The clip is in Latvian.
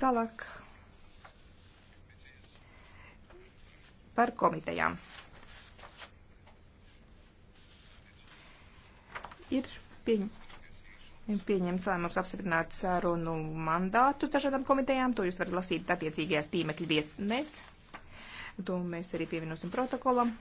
Tālāk par komitejām. Ir pieņ pieņemts lēmums apstiprināt sarunu mandātu dažādām komitejām. To jūs varat lasīt attiecīgajās tīmekļa vietnēs. To mēs arī pievienosim protokolam.